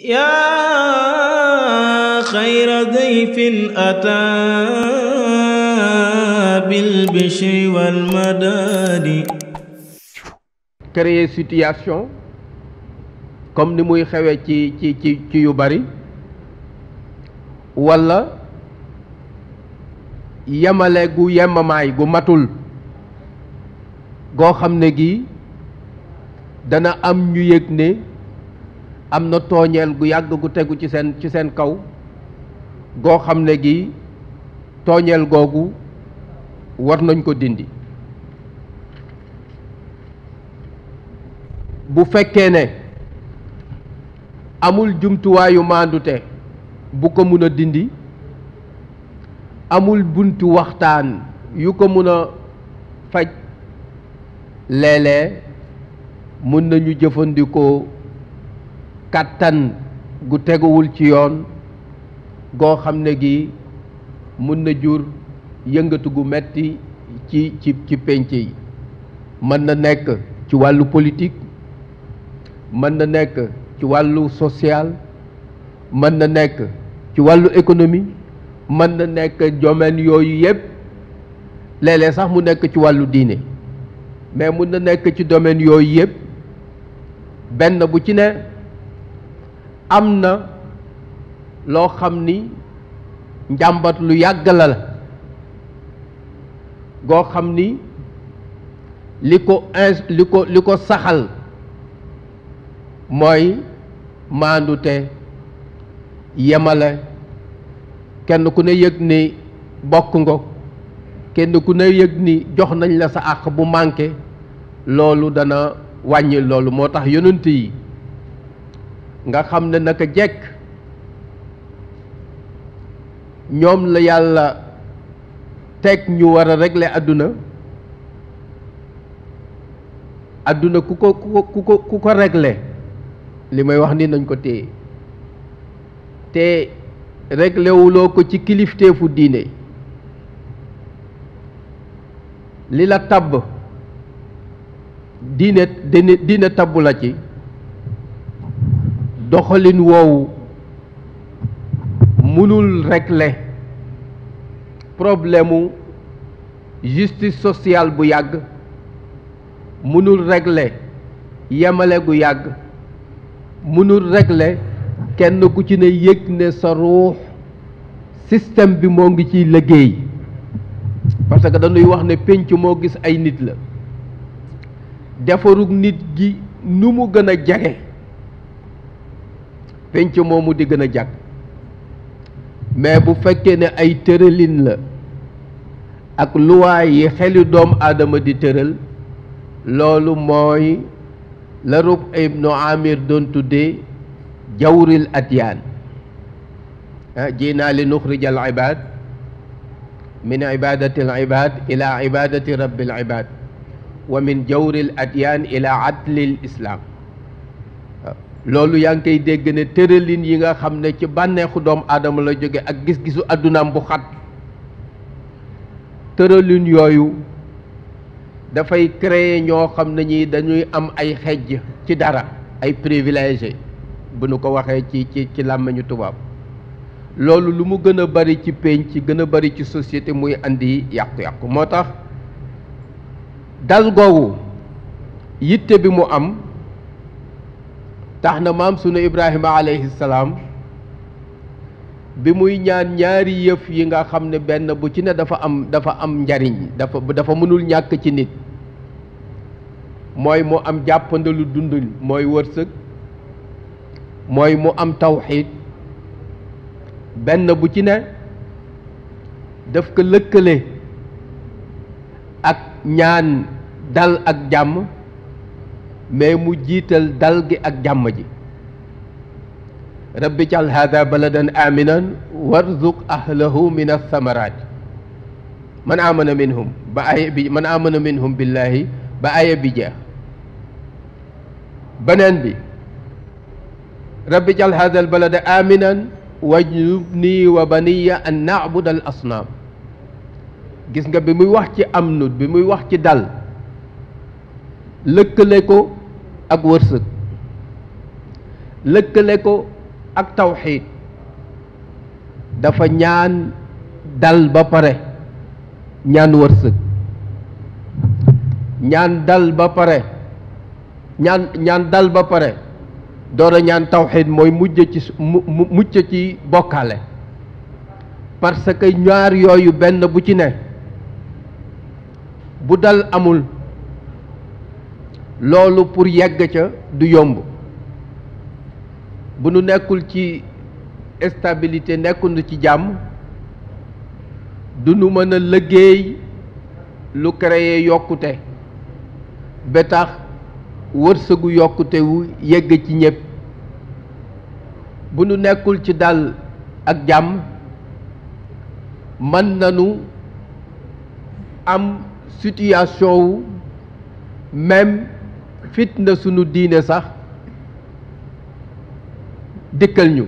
yaa xayra dayfin ataa bil bishri wal madaadi créer situation comme ni muy xewee ci ci ci yu bari walla yemale gu yemamaay gu matul goo xam ne gi dana am ñu yëg ne am na tooñeel gu yàgg gu tegu ci seen ci seen kaw goo xam ne gi tooñeel googu war nañ ko dindi bu fekkee ne amul jumtuwaayu maandute bu ko mun a dindi amul buntu waxtaan yu ko mun a faj léeg-léeg mun nañu jëfandikoo kàttan gu teguwul ci yoon goo xam ne gi mun na jur yëngatu gu metti ci ci ci pénc yi mën na nekk ci wàllu politique mën na nekk ci wàllu social mën na nekk ci wàllu économie mën na nekk domaine yooyu yépp léeg sax mu nekk ci wàllu diine mais mun na nekk ci domaine yooyu yépp benn bu ci ne am na loo xam ni njàmbat lu yàgg la goo xam ni li ko ins li ko li ko saxal mooy maandute yemale kenn ku ne yëg ni bokk nga kenn ku ne yëg ni jox nañ la sa àq bu manqué loolu dana wàññi loolu moo tax yonent yi nga xam ne naka jekk ñoom la yàlla teg ñu war a régler àdduna àdduna ku ko ku ko ku ko régler li may wax ni nañ ko téye te reglewuloo ko ci kilifteefu diine li la tabb diine diine tabb la ci doxalin woowu mënul regle problème mu justice sociale bu yàgg mënul regle yemale gu yàgg mënul regle kenn ku ci ne yëg ne sa ruux système bi moo ngi ciy liggéey parce que dañuy wax ne pénc moo gis ay nit la defarug nit gi nu mu gën a jege penc moomu di gën a jàkk mais bu fekkee ne ay tëralin la ak luwaay yi xeli doomu aadama di tëral loolu mooy la rub ibnu amir doon tuddee jawril atyaan ah jiinaa li nuxrij al ibaad min ibadati al ibaad ila ibadati rabbi al ibaad wa min jawril atyaan ila adli al islaam loolu yaa ngi koy dégg ne tëralin yi nga xam ne ci bànneexu doomu aadama la jóge ak gis-gisu àddunaam bu xat tëralin yooyu dafay créer ñoo xam ne ñi dañuy am ay xejj ci dara ay privilégié bu ñu ko waxee ci ci ci làmmiñu tubaab loolu lu mu gën a bari ci pénc ci gën a bari ci société muy indi yàqu-yàqu moo tax dal googu yitte bi mu am tax na maam sunu ibrahima alayhi salaam bi muy ñaan ñaari yëf yi nga xam ne benn bu ci ne dafa am dafa am njariñ dafa dafa mënul ñàkk ci nit mooy mu am jàppandalu dund mooy wërsëg mooy mu am tawxiid benn bu ci ne def ko lëkkale ak ñaan dal ak jàmm mais mu jiital dal gi ak jàmm ji rabbi cal hada baladan aminan warzuq ahlahu min althamarat man amana minhum ba aya bi man amana minhum ba aya bi jeex beneen bi rabbi cal hada al balada aminan wajnubni wa baniya an nacbud al asnaam gis nga bi muy wax ci amnut bi muy wax ci dal lëkkale ko ak wërsëg lëkkale ko ak tawxiid dafa ñaan dal ba pare ñaan wërsëg ñaan dal ba pare ñaan ñaan dal ba pare door ñaan tawxiid mooy mujj ci mucc ci bokkaale parce que ñaar yooyu benn bu ci ne bu dal amul loolu pour yegg ca du yomb bu nu nekkul ci stabilité nekkul ci jàmm du nu mën a liggéey lu créer yokkute ba tax wërsëgu yokkutewu wu yegg ci ñépp bu nu nekkul ci dal ak jàmm mën nanu am situation wu même fitna sunu diine sax dikkal ñu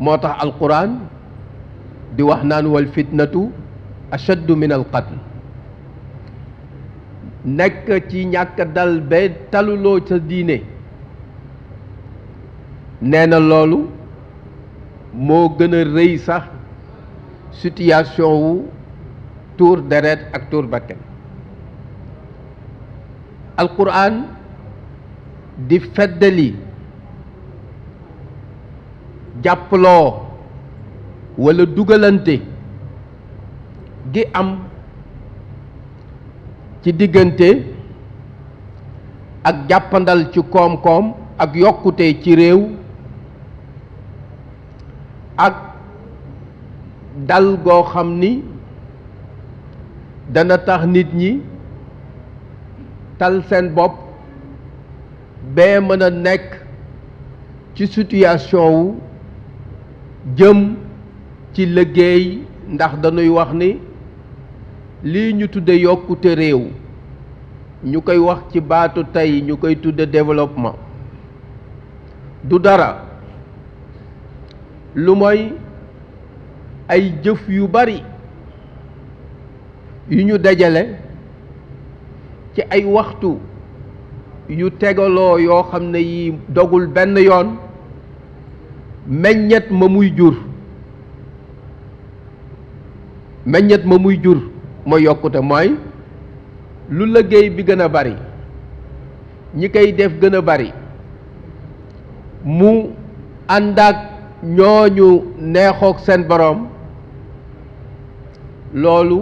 moo tax alquran di wax naan wal fitnatu ashaddu min al qatl nekk ci ñàkk dal ba taluloo sa diine nee na loolu moo gën a rëy sax situation wu tuur deret ak tuur bakkan alquran di feddali jàppaloo walla dugalante gi am ci diggante ak jàppandal ci koom-koom ak yokkute ci réew ak dal goo xam ni dana tax nit ñi tal seen bopp bee mën a nekk ci situation wu jëm ci liggéey ndax dañuy wax ni lii ñu tudd yokkute réew ñu koy wax ci baatu tey ñu koy tudd développement du dara lu mooy ay jëf yu bari yu ñu dajale ci ay waxtu yu tegaloo yoo xam ne yi dogul benn yoon meññet ma muy jur meññet ma yokkute mooy lu liggéey bi gën a bari ñi koy def gën a bari mu ànd ak ñooñu neexoog seen boroom loolu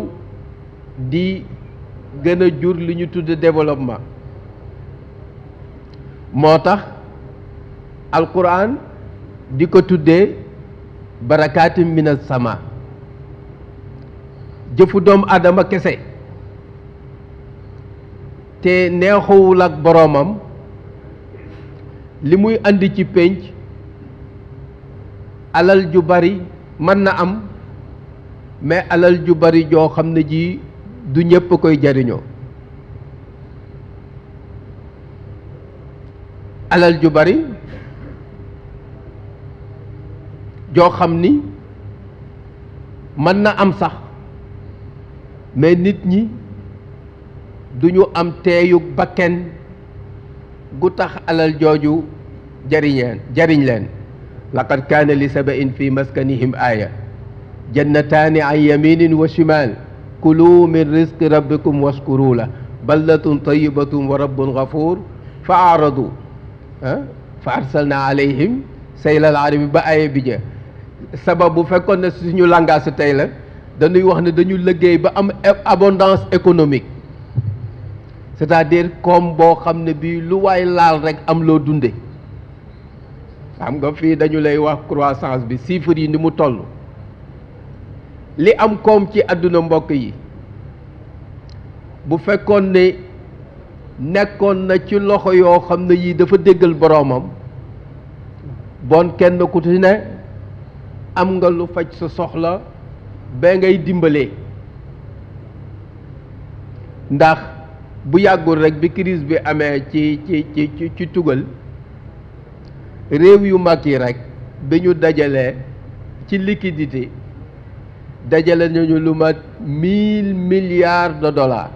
di gën a jur li ñu tudd développement moo tax alquran di ko tuddee barakaati minas sama jëfu doom aadama kese te neexuwul ak boroomam li muy andi ci pénc alal ju bari mën na am mais alal ju bari joo xam ne ji du ñépp koy jariñoo alal ju bari joo xam ni mën na am sax mais nit ñi du ñu am teeyug bakken gu tax alal jooju jariñeen jariñ leen laqad kaana li sabain fi maskanihim aaya jannataani an yaminin wa shimal kulu min rizqi rabbikum waskuru la baldatun tayibatun wa rabbun gafuur fa aaradu fa arsalna alayhim saylal arabi ba aye bi ja sabab bu fekkoon ne suñu langage tey la dañuy wax ne dañu liggéey ba am abondance économique c'est-à-dire comme boo xam ne bii lu waay laal rek am loo dunde xam nga fii dañu lay wax croissance bi chiffres yi ni mu toll li am koom ci àdduna mbokk yi bu fekkoon ne nekkoon na ci loxo yoo xam ne yii dafa déggal boroomam bon kenn ku ci ne am nga lu faj sa soxla ba ngay dimbalee ndax bu yàggul rekk bi crise bi amee ci ci ci tugal réew yu mag yi rekk bi ñu dajalee ci liquidité dajale nañu lu ma mille milliards de dollars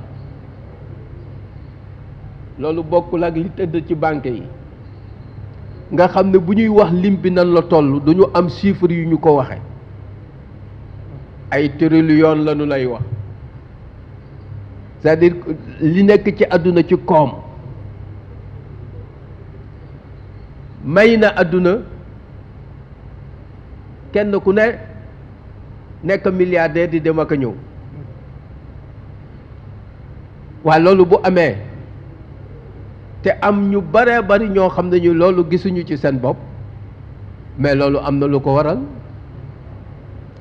loolu bokkul ak li tëdd ci banque yi nga xam ne bu ñuy wax limpi bi nan la toll duñu am chiffre yu ñu ko waxe ay trillion la ñu lay wax cest à li nekk ci àdduna ci koom may na àdduna kenn ku ne nekk milliardaire di dem ak a ñëw waa loolu bu amee te am ñu bare bari ñoo xam nañu loolu gisuñu ci seen bopp mais loolu am na lu ko waral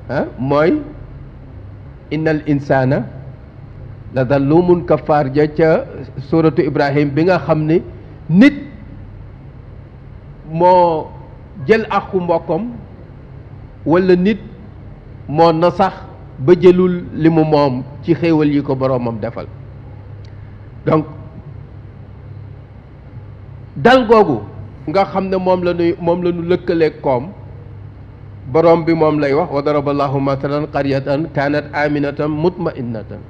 ah mooy innal insaana la zalumun kafaar ja ca suratu ibrahim bi nga xam ni nit moo jël akku mbokkam walla nit moo na sax ba jëlul li mu moom ci xéewal yi ko boroomam defal donc dal googu nga xam ne moom la ñuy moom la ñu lëkkaleeg koom boroom bi moom lay wax wa daraballahu mathalan qaryatan kanat aminatan mutma'innatan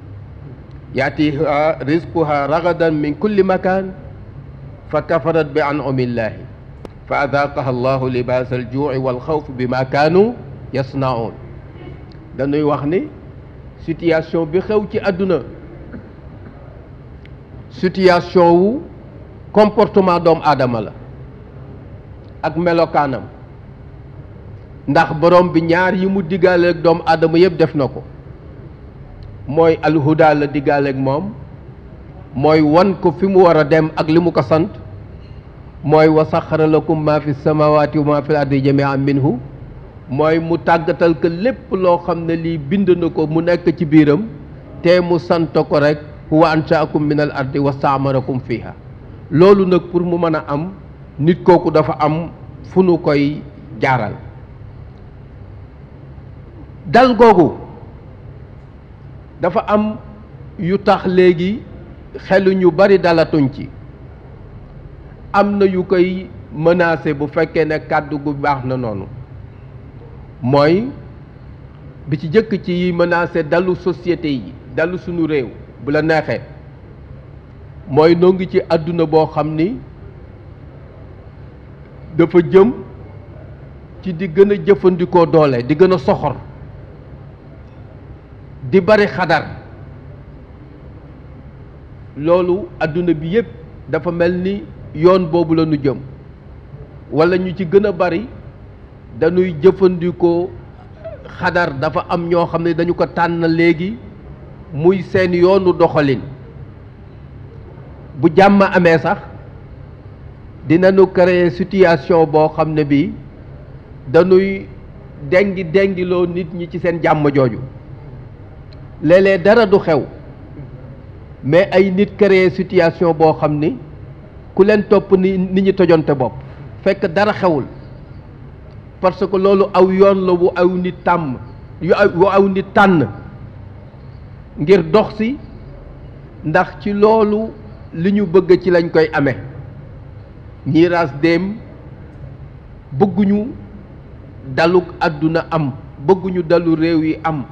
yaatiha rizquha ragadan min kulli makan fa kafarat bi an'amillahi fa adaqaha allahu libas al ju'i wal khawf bima kanu yasna'un dañuy wax ni situation bi xew ci àdduna situation wu comportement doomu aadama la ak melokaanam ndax borom bi ñaar yi mu diggaaleeg doomu aadama yëpp def na ko mooy alhuda la diggaaleeg moom mooy wan ko fi mu war a dem ak li mu ko sant mooy wa saxara lakum ma fi samawati wa ma fi l ardi jamian minhu mooy mu tàggatal ko lépp loo xam ne lii bind na ko mu nekk ci biiram te mu sant ko rekk huwa anshaakum min al ardi wa staamarakum fiha loolu nag pour mu mën a am nit kooku dafa am fu nu koy jaaral dal googu dafa am yu tax léegi xelu ñu bari dalatuñ ci am na yu koy mënaase bu fekkee ne kàddu gu baax na noonu mooy bi ci jëkk ci yi menacer dalu société yi dalu sunu réew bu la neexee mooy noo ngi ci àdduna boo xam ni dafa jëm ci di gën a jëfandikoo doole di gën a soxor di bari xadar loolu àdduna bi yépp dafa mel ni yoon boobu lañu jëm walla ñu ci gën a bari dañuy jëfandikoo xadar dafa am ñoo xam ne dañu ko tànn léegi muy seen yoonu doxalin bu jàmm amee sax dinañu créer situation boo xam ne bii dañuy dengi dengiloo nit ñi ci seen jàmm jooju léeg dara du xew mais ay nit créer situation boo xam ni ku leen topp ni nit ñi tojante bopp fekk dara xewul parce que loolu aw yoon la wu aw nit tàmm wu aw nit tànn ngir dox si ndax ci loolu li ñu bëgg ci lañ koy ame ñii ras bëgguñu daluk àdduna am bëgguñu dalu réew yi am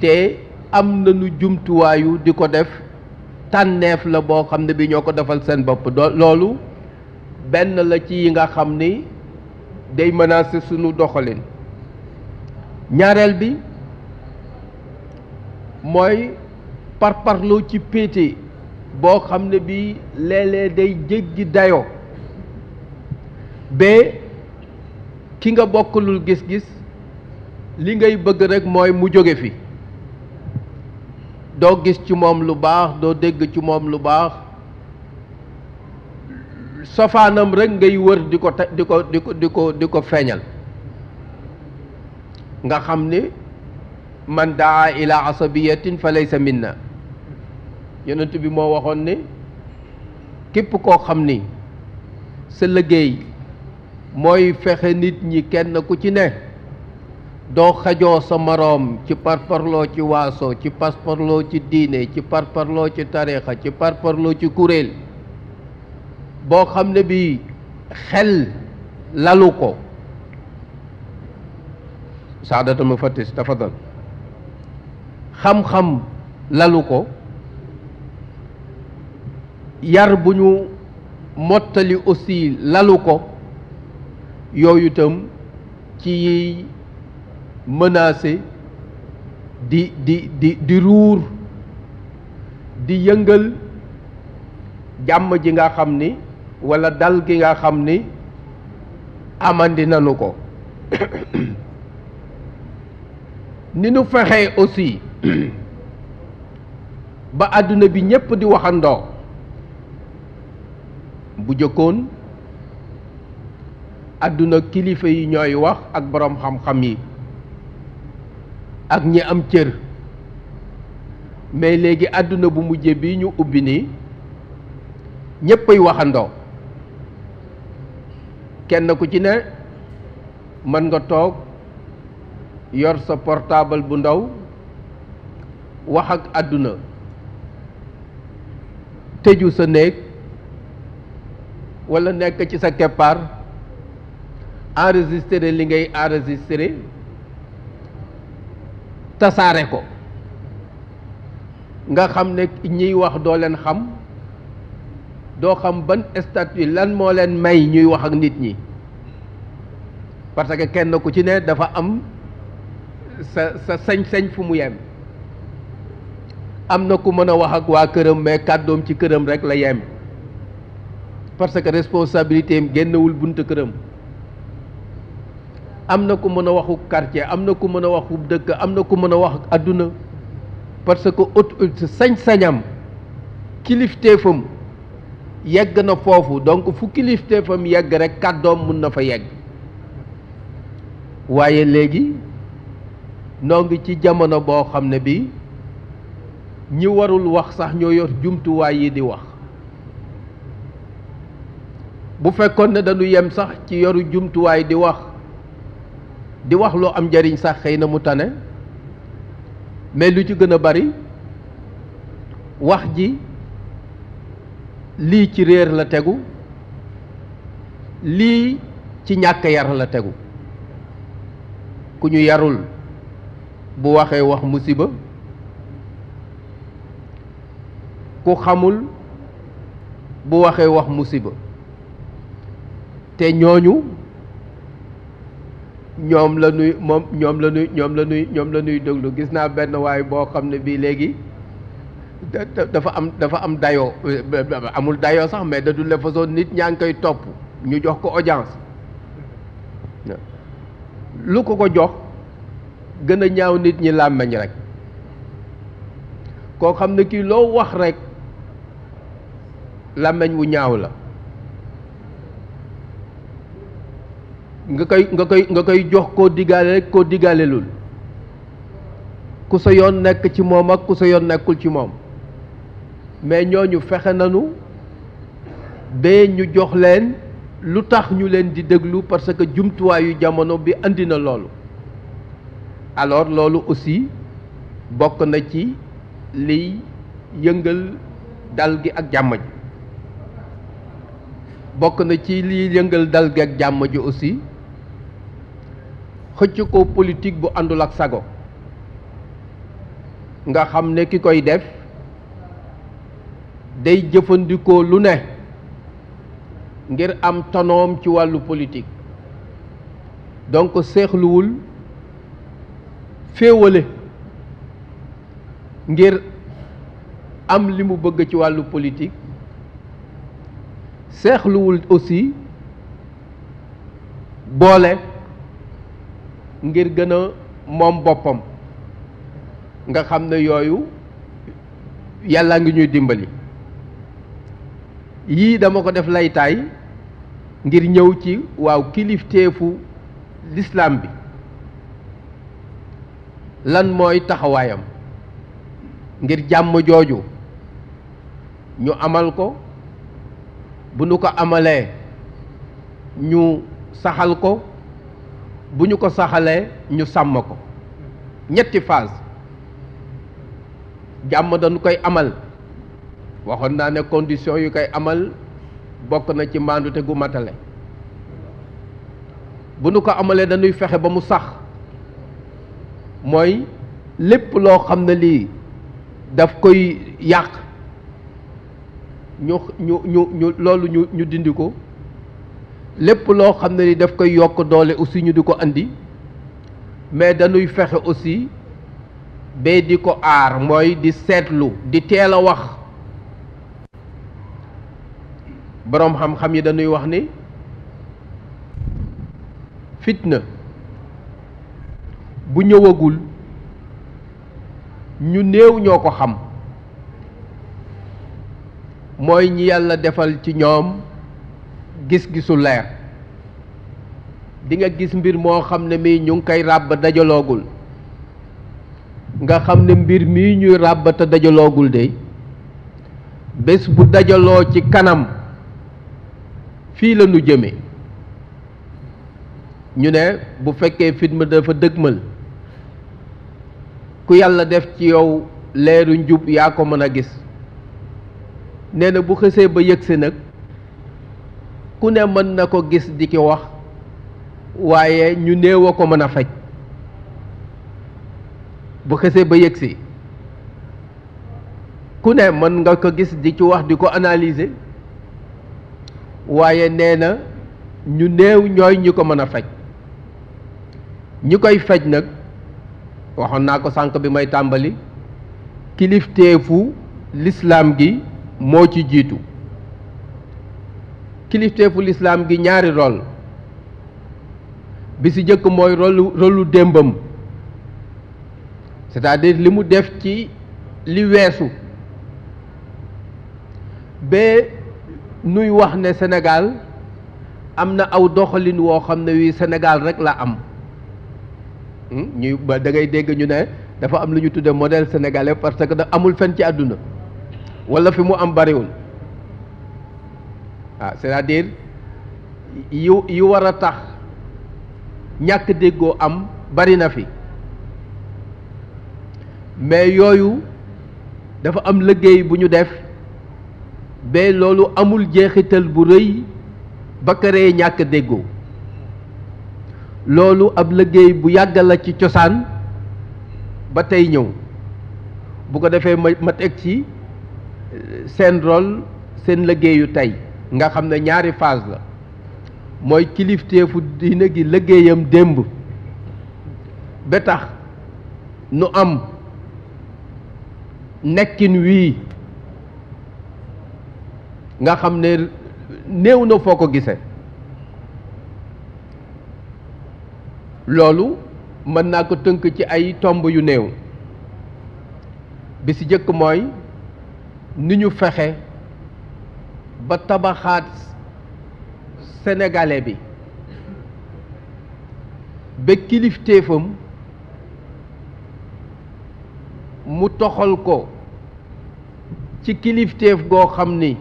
te am nañu jumtuwaayu di ko def tànneef la boo xam ne bi ñoo ko defal seen bopp loolu benn la ci yi nga xam ni day menacer sunu doxalin ñaareel bi mooy parparloo ci péete boo xam ne bi léeg-léeg day jéggi dayoo ba ki nga bokkalul gis-gis li ngay bëgg rek mooy mu jóge fi doo gis ci moom lu baax doo dégg ci moom lu baax sofaanam rek ngay wër di ko di ko di ko di ko di ko feeñal nga xam ni man daa ila asabiyatin fa laysa minna yonent bi moo waxoon ni képp koo xam ni sa liggéey mooy fexe nit ñi kenn ku ci ne doo xajoo sa moroom ci parparloo ci waaso ci parparloo ci diine ci parparloo ci tariixa ci parparloo ci kuréel boo xam ne bi xel lalu ko saadata mu fattis tafadal xam-xam lalu ko yar bu ñu mottali aussi lalu ko yooyutam ci yiy menacé di di di di ruur di yëngal jàmm ji nga xam ni wala dal gi nga xam ni amandi nanu ko ni nu fexee aussi ba àdduna bi ñépp di waxandoo bu jëkkoon àdduna kilifa yi ñooy wax ak boroom xam-xam yi ak ñi am cër mais léegi àdduna bu mujj bi ñu ubbi nii ñéppay waxandoo kenn ko ci ne mën nga toog yor sa portaabal bu ndaw wax ak àdduna tëju sa néeg walla nekk ci sa keppaar enregistré li ngay enregistré tasaare ko nga xam ne ñiy wax doo leen xam doo xam ban statut lan moo leen may ñuy wax ak nit ñi parce que kenn ku ci ne dafa am sa sa sañ-sañ fu mu yem am na ku mën a wax ak waa këram mais kàddoom ci këram rek la yem parce que responsabilité am génnewul bunt këram am na ku mën a waxu quartier am na ku mën a waxu dëkk am na ku mën a wax ak àdduna parce que ut sañ-sañam kilifteefam yegg na foofu donc fu kilifteefam yegg rek kàddoom mën na fa yegg waaye léegi noo ngi ci jamono boo xam ne bi ñi warul wax sax ñoo yor jumtuwaay yi di wax bu fekkoon ne dañu yem sax ci yoru jumtuwaay di wax di wax loo am njariñ sax xëy na mu tane mais lu ci gën a bari wax ji lii ci réer la tegu lii ci ñàkk yar la tegu ku ñu yarul bu waxee wax musiba ku xamul bu waxee wax musiba te ñooñu ñoom la moom ñoom la ñoom la ñuy ñoom la ñuy déglu gis naa benn waay boo xam ne bii léegi dafa am dafa am dayoo amul dayoo sax mais de toute la nit ñaa ngi koy topp ñu jox ko audience lu ko ko jox gën a ñaaw nit ñi làmmeñ rek koo xam ne kii loo wax rek làmmeñ wu ñaaw la nga koy nga koy nga koy jox koo diggaale rek koo diggaalelul ku sa yoon nekk ci moom ak ku sa yoon nekkul ci moom mais ñooñu fexe nañu ba ñu jox leen lu tax ñu leen di déglu parce que jumtuwaayu jamono bi andi na loolu alors loolu aussi bokk na ci liy yëngal dal gi ak jàmm ji bokk na ci liy yëngal dal gi ak jàmm ji aussi xëcc ko politik bu àndul ak sago nga xam ne ki koy def day jëfandikoo lu ne ngir am tonoom ci wàllu politique donc seexluwul féewale ngir am li mu bëgg ci wàllu politique seexluwul aussi boole ngir gën a moom boppam nga xam ne yooyu yàlla ngi ñuy dimbali yii dama ko def laytaay ngir ñëw ci waaw kilifteefu lislaam bi lan mooy taxawaayam ngir jàmm jooju ñu amal ko bu ñu ko amalee ñu saxal ko bu ñu ko saxalee ñu sàmm ko ñetti phase jàmm dañu koy amal waxoon naa ne condition yu koy amal bokk na ci mbaandute gu matale bu nu ko amalee dañuy fexe ba mu sax mooy lépp loo xam ne lii daf koy yàq ñu ñu ñu ñu loolu ñu ñu dindi ko lépp loo xam ne lii daf koy yokk doole aussi ñu di ko indi mais dañuy fexe aussi ba di ko aar mooy di seetlu di teel a wax boroom xam-xam yi dañuy wax ni fitna bu ñëwagul ñu néew ñoo ko xam mooy ñi yàlla defal ci ñoom gis-gisu leer di nga gis mbir moo xam ne mii ñu ngi koy ràbb dajaloogul nga xam ne mbir mii ñuy ràbb te dajaloogul de bés bu dajaloo ci kanam fii la ñu jëmee ñu ne bu fekkee fitna dafa dëgmal ku yàlla def ci yow leeru njub yaa ko mën a gis nee na bu xësee ba yëgsi nag ku ne mën na ko gis di ki wax waaye ñu néew a ko mën a faj bu xësee ba yëgsi ku ne mën nga ko gis di ci wax di ko analise waaye nee na ñu néew ñooy ñi ko mën a faj ñi koy faj nag waxoon naa ko sànq bi may tàmbali kilifteefu lislaam gi moo ci jiitu kilifteefu lislaam gi ñaari rôle bi ci jëkk mooy rôlu rôlu démbam cest li mu def ci li weesu ba nuy wax ne Sénégal am na aw doxalin woo xam ne wii Sénégal rek la am hmm? ñu ba da ngay dégg ñu ne dafa am lu ñu tuddee modèle sénégalais parce que da amul fen ci àdduna walla fi mu am bariwul waaw ah, c'est-à-dire yu yu war a tax ñàkk déggoo am bari na fi mais yooyu dafa am liggéey bu ñu def ba loolu amul jeexital bu rëy ba këree ñàkk déggoo loolu ab liggéey bu yàgg la ci cosaan ba tey ñëw bu ko defee ma ma teg ci euh, seen rôle seen liggéeyu tey nga xam ne ñaari phase la mooy kilifteefu dina gi liggéeyam démb ba tax nu am nekkin wii nga xam ne néew na foo ko gisee loolu mën naa ko tënk ci ay tomb yu néew bi ci jëkk mooy ni ñu fexe ba tabaxaat senegale bi ba kilifteefam mu toxal ko ci kilifteef goo xam ni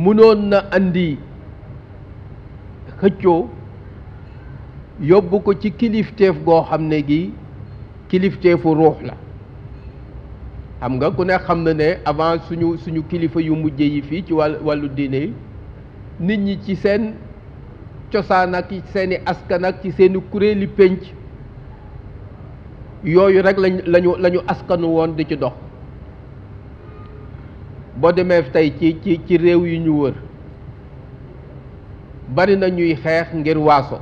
mënoon na indi xëccoo yóbbu ko ci kilifteef goo xam ne gi kilifteefu ruux la xam nga ku ne xam na ne avant suñu suñu kilifa yu mujj yi fii ci wàllu diine yi nit ñi ci seen cosaan ak ci seeni askan ak ci seeni kuréeli pénc yooyu rek lañu lañu askanu woon di ci dox boo demee tey ci ci ci réew yu ñu wër bari na ñuy xeex ngir waaso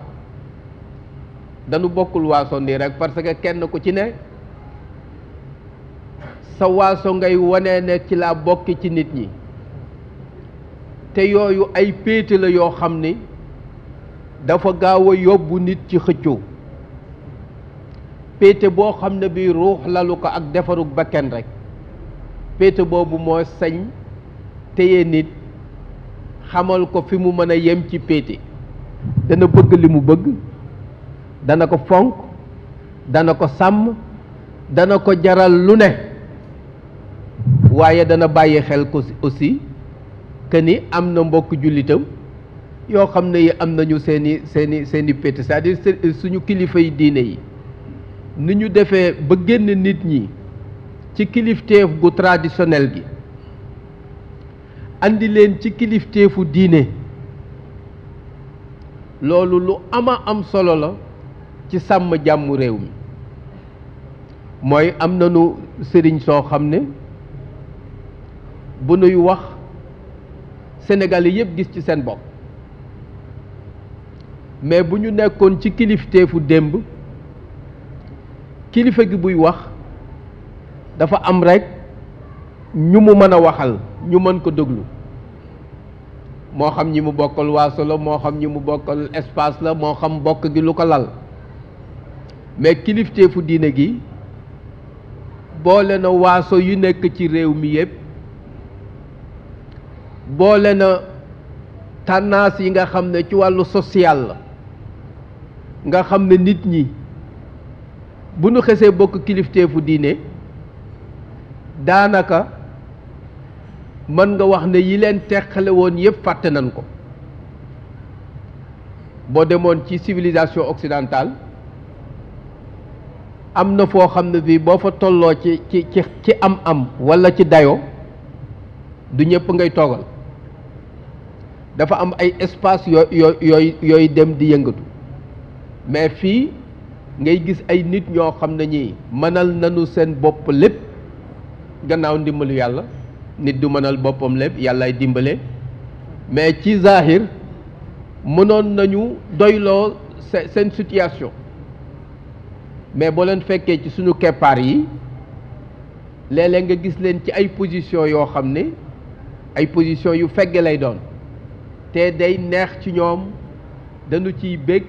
dañu bokkul waaso nii rekk parce que kenn ku ci ne sa waaso ngay wane ne ci la bokk ci nit ñi te yooyu ay péete la yoo xam ni dafa gaaw a yóbbu nit ci xëccoo péete boo xam ne bii ruux lalu ko ak defarug bakken rek péete boobu moo señ téye nit xamal ko fi mu mën a yem ci péete dana bëgg li mu bëgg dana ko fonk dana ko sàmm dana ko jaral lu ne waaye dana bàyyi xel ko aussi que ni am na mbokk jullitam yoo xam ne yi am nañu seeni seeni seeni péete c'est-à-dire suñu kilifa yi diine yi ni ñu defee ba génn nit ñi ci kilifteef gu traditionnel gi andi leen ci kilifteefu diine loolu lu ama am solo la ci sàmm jàmm réew mi mooy am nañu sëriñ soo xam ne bu nuy wax sénégalais yëpp gis ci seen bopp mais bu ñu nekkoon ci kilifteefu démb kilifa gi buy wax dafa am rek ñu mu mën a waxal ñu mën ko déglu moo xam ñi mu bokkal waaso la moo xam ñi mu bokkal espace la moo xam bokk gi lu ko lal mais kilifteefu diine gi boole na waaso yu nekk ci réew mi yépp boole na tendance yi nga xam ne ci wàllu social la nga xam ne nit ñi bu ñu xesee bokk kilifteefu diine daanaka mën nga wax ne yi leen teqale woon yëpp fàtte nañ ko boo demoon ci civilisation occidentale am na foo xam ne bii boo fa tolloo ci ci ci ci am-am walla ci dayo du ñëpp ngay toogal dafa am ay espace yoo yoo yooy yooyu dem di yëngatu mais fii ngay gis ay nit ñoo xam ne ñi mënal nañu seen bopp lépp gannaaw ndimbalu yàlla nit du mënal boppam lépp yàllaay dimbale mais ci zahir mënoon nañu doyloo seen situation mais boo leen fekkee ci suñu keppaar yi léeg-léeg nga gis leen ci ay position yoo xam ne ay position yu fegge lay doon te day neex ci ñoom dañu ciy bég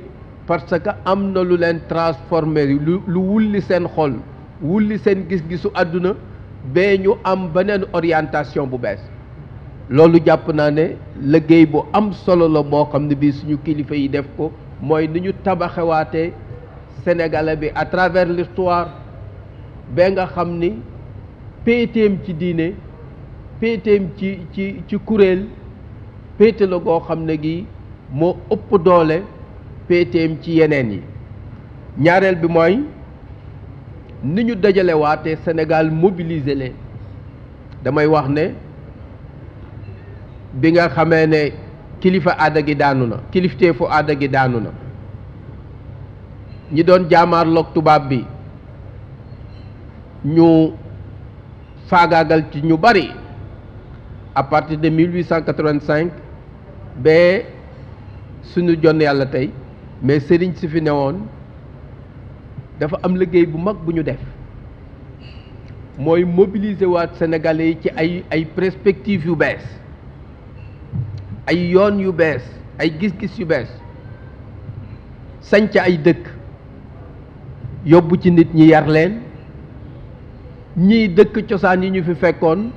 parce que am na lu leen transformer lu wulli seen xol wulli seen gis-gisu àdduna ba ñu am beneen orientation bu bees loolu jàpp naa ne liggéey bu am solo la boo xam ne bii suñu kilifa yi def ko mooy ni ñu tabaxewaatee sénégalais bi à travers l'histoire ba nga xam ni péeteem ci diine péeteem ci ci ci kuréel péete la goo xam ne gi moo ëpp doole péeteem ci yeneen yi ñaareel bi mooy ni ñu dajale waatee Sénégal mobiliser leen damay wax ne bi nga xamee ne kilifa aada gi daanu na kilifteefu aada gi daanu na ñi doon jaamaarloog tubaab bi ñu faagaagal ci ñu bari à partir de 1885 ba suñu jonn yàlla tey mais sëriñ si fi woon dafa am liggéey bu mag bu ñu def mooy mobiliser waat sénégalais yi ci ay ay perspectives yu bees ay yoon yu bees ay gis-gis yu bees sanc ay dëkk yóbbu ci nit ñi yar leen ñiy dëkk cosaan yi ñu fi fekkoon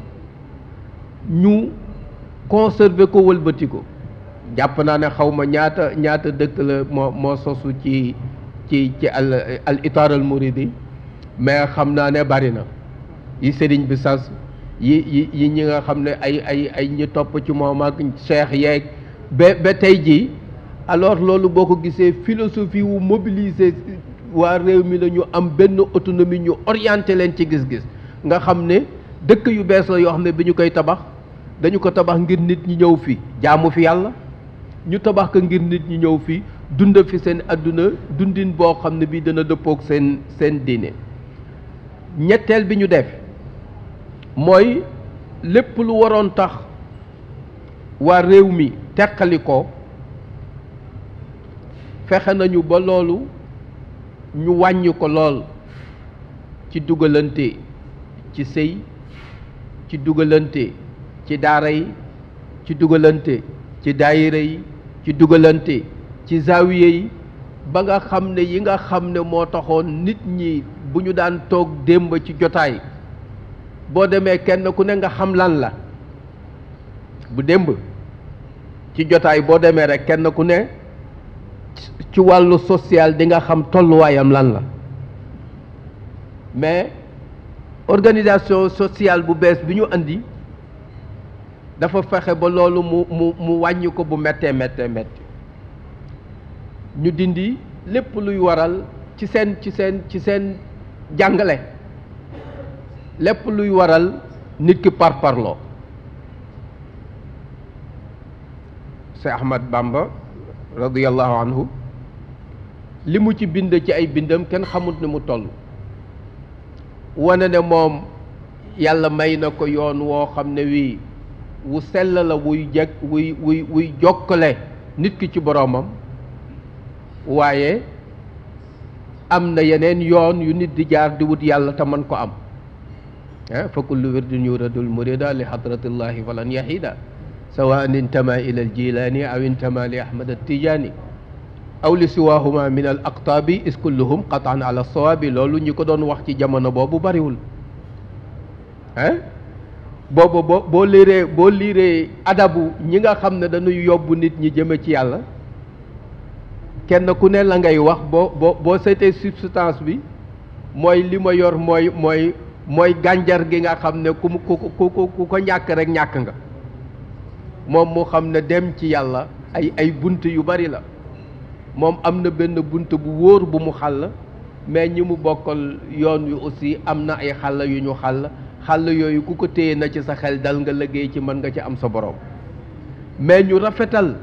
ñu conserver ko wëlbati jàpp naa ne xaw ma ñaata ñaata dëkk la moo moo sosu ci ci ci al al itaar al muridi mais xam naa ne bari na yi sëriñ bi sas yi yi yi ñi nga xam ne ay ay ay ñi topp ci moom ak cheikh yeeg ba ba tey jii alors loolu boo ko gisee philosophie wu mobiliser waa réew mi lañu am benn autonomie ñu orienté leen ci gis-gis nga xam ne dëkk yu bees la yoo xam ne bi ñu koy tabax dañu ko tabax ngir nit ñi ñëw fii jaamu fi yàlla ñu tabax ko ngir nit ñi ñëw fii dund fi seen àdduna dundin boo xam ne bii dana dëppoog seen seen diine ñetteel bi ñu def mooy lépp lu waroon tax waa réew mi teqali ko fexe nañu ba loolu ñu wàññi ko lool ci dugalante ci sëy ci dugalante ci daara yi ci dugalante ci daayira yi ci dugalante ci zaawiye yi ba nga xam ne yi nga xam ne moo taxoon nit ñi bu ñu daan toog démb ci jotaay boo demee kenn ku ne nga xam lan la bu démb ci jotaay boo demee rek kenn ku ne ci wàllu social di nga xam tolluwaayam lan la mais organisation sociale bu bees bi ñu indi dafa fexe ba loolu mu mu mu wàññi ko bu méttee méttee métti ñu dindi lépp luy waral ci seen ci seen ci seen jàngale lépp luy waral nit ki parparloo Seex Ahmad Bamba radiyallahu anhu li mu ci bind ci ay bindam kenn xamut ni mu toll wane ne moom yàlla may na ko yoon woo xam ne wii wu sell la wuy jeg wuy wuy wuy jokkale nit ki ci boroomam waaye am na yeneen yoon yu nit di jaar di wut yàlla te man ko am ah fa kullu wirdin yuradul murida li hadratillahi falan yahida sawaan intama ila al jilani aw intama li ahmad al tijani aw li siwahuma min al aqtaabi is kulluhum qataan ala sawaabi loolu ñi ko doon wax ci jamono boobu bariwul ah boobu boo boo liiree adabu ñi nga xam ne dañuy yobbu nit ñi jëme ci yàlla kenn ku ne la ngay wax boo boo boo seetee substance bi mooy li ma yor mooy mooy mooy gànjar gi nga xam ne ku mu ku ko ñàkk rek ñàkk nga moom mu xam ne dem ci yàlla ay ay bunt yu bari la moom am na benn bunt bu wóor bu mu xàll mais ñi mu bokkal yoon wi aussi am na ay xàll yu ñu xàll xàll yooyu ku ko téye na ci sa xel dal nga liggéey ci mën nga ci am sa borom mais ñu rafetal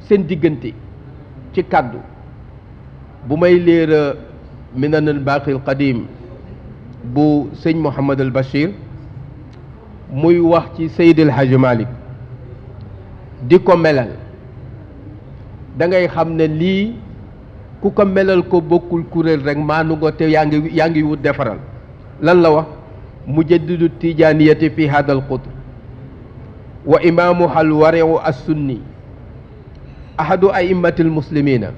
seen diggante ci kàddu bu may liir minan al baaqi bu sëñ Mouhamad al muy wax ci Seydi El Hadji di ko melal dangay xam ne lii ku ko melal ko bokkul kuréel rek maanu ngo te yaa ngi yaa ngi wut defaral lan la wax mujaddidu tijaaniyati fi hada al qutr wa imaamuha al wariu ahadu a'immati almuslimina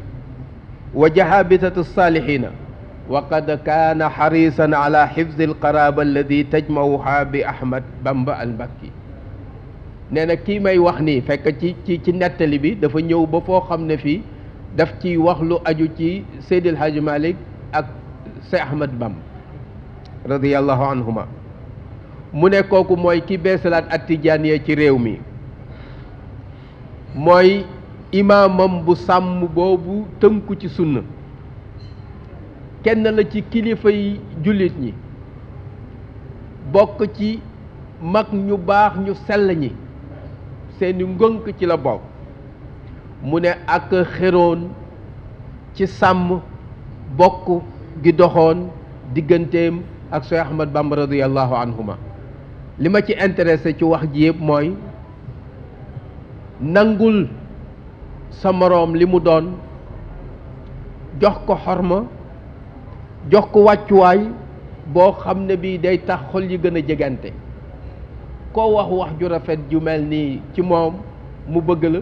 wa jahabitati alsalihina wa qad kaana xarisan ala xifzi alqaraba alladi tajmauha bi ahmad bamba almakki nee na kii may wax nii fekk ci ci ci nettali bi dafa ñëw ba foo xam ne fii daf ciy wax lu aju ci Seydil Hadji Malick ak Seex Ahmad Bam radiyallahu anhuma mu ne kooku mooy ki beesalaat at tijaaniya ci réew mi mooy imaamam bu sàmm boobu tënku ci sunna kenn la ci kilifa yi jullit ñi bokk ci mag ñu baax ñu sell ñi seeni ngënk ci la bokk mu ne ak xeroon ci sàmm bokk gi doxoon digganteem ak Seex Ahmad Bamba radiyallahu anhuma li ma ci intéressé ci wax ji yëpp mooy nangul sa moroom li mu doon jox ko xorma jox ko wàccuwaay boo xam ne bii day tax xol yi gën a jegante koo wax wax ju rafet ju mel nii ci moom mu bëgg la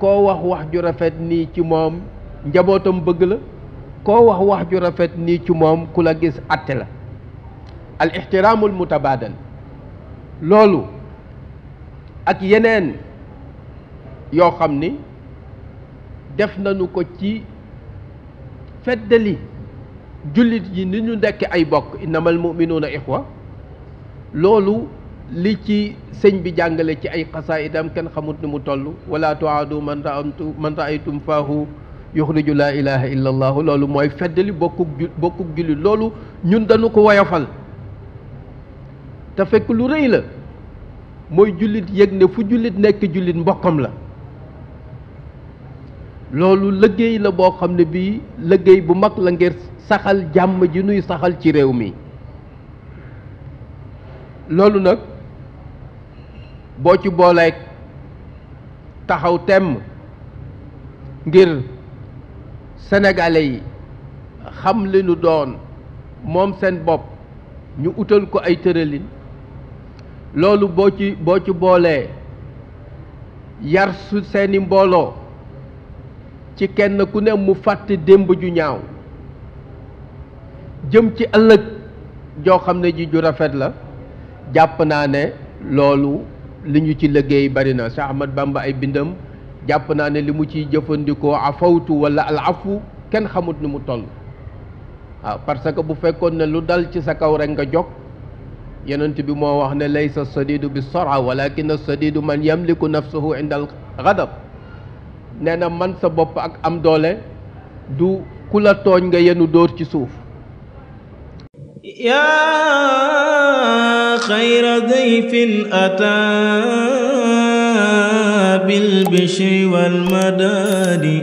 koo wax wax ju rafet nii ci moom njabootam bëgg la koo wax wax ju rafet nii ci moom ku la gis àtte la al ixtiraamul mutabaadal loolu ak yeneen yoo xam ni def nañu ko ci feddali jullit yi ni ñu nekk ay bokk innamal muminuuna ixwa loolu li ci sëñ bi jàngale ci ay xasaa xasaayidam kenn xamut ni mu toll wala tuaadu man raamtu man raaytum faahu yuxriju laa ilaha illa loolu mooy feddali bokkuk jullit loolu ñun dañu ko woyofal te fekk lu rëy la mooy jullit yëg ne fu jullit nekk jullit mbokkam la loolu liggéey la boo xam ne bii liggéey bu mag la ngir saxal jàmm ji nuy saxal ci réew mi loolu nag boo ci booleek taxaw temm ngir senegale yi xam li nu doon moom seen bopp ñu utal ko ay tëralin loolu ci boo ci boolee yar su seeni mbooloo ci kenn ku ne mu fàtte démb ju ñaaw jëm ci ëllëg joo xam ne ji ju rafet la jàpp naa ne loolu li ñu ci liggéey bari na Cheikh Ahmad ay bindam jàpp naa ne li mu ciy jëfandikoo afawtu wala al afu kenn xamut ni mu toll waaw parce que bu fekkoon ne lu dal ci sa kaw rek nga jóg yonent bi moo wax ne laysa sadidu bi sora walakin sadidu man yamliku nafsahu inda al ghadab nee na man sa bopp ak am doole du ku la tooñ nga yenu dóor ci suuf yaa xayra dayfin ataa bil bishri wal madaadi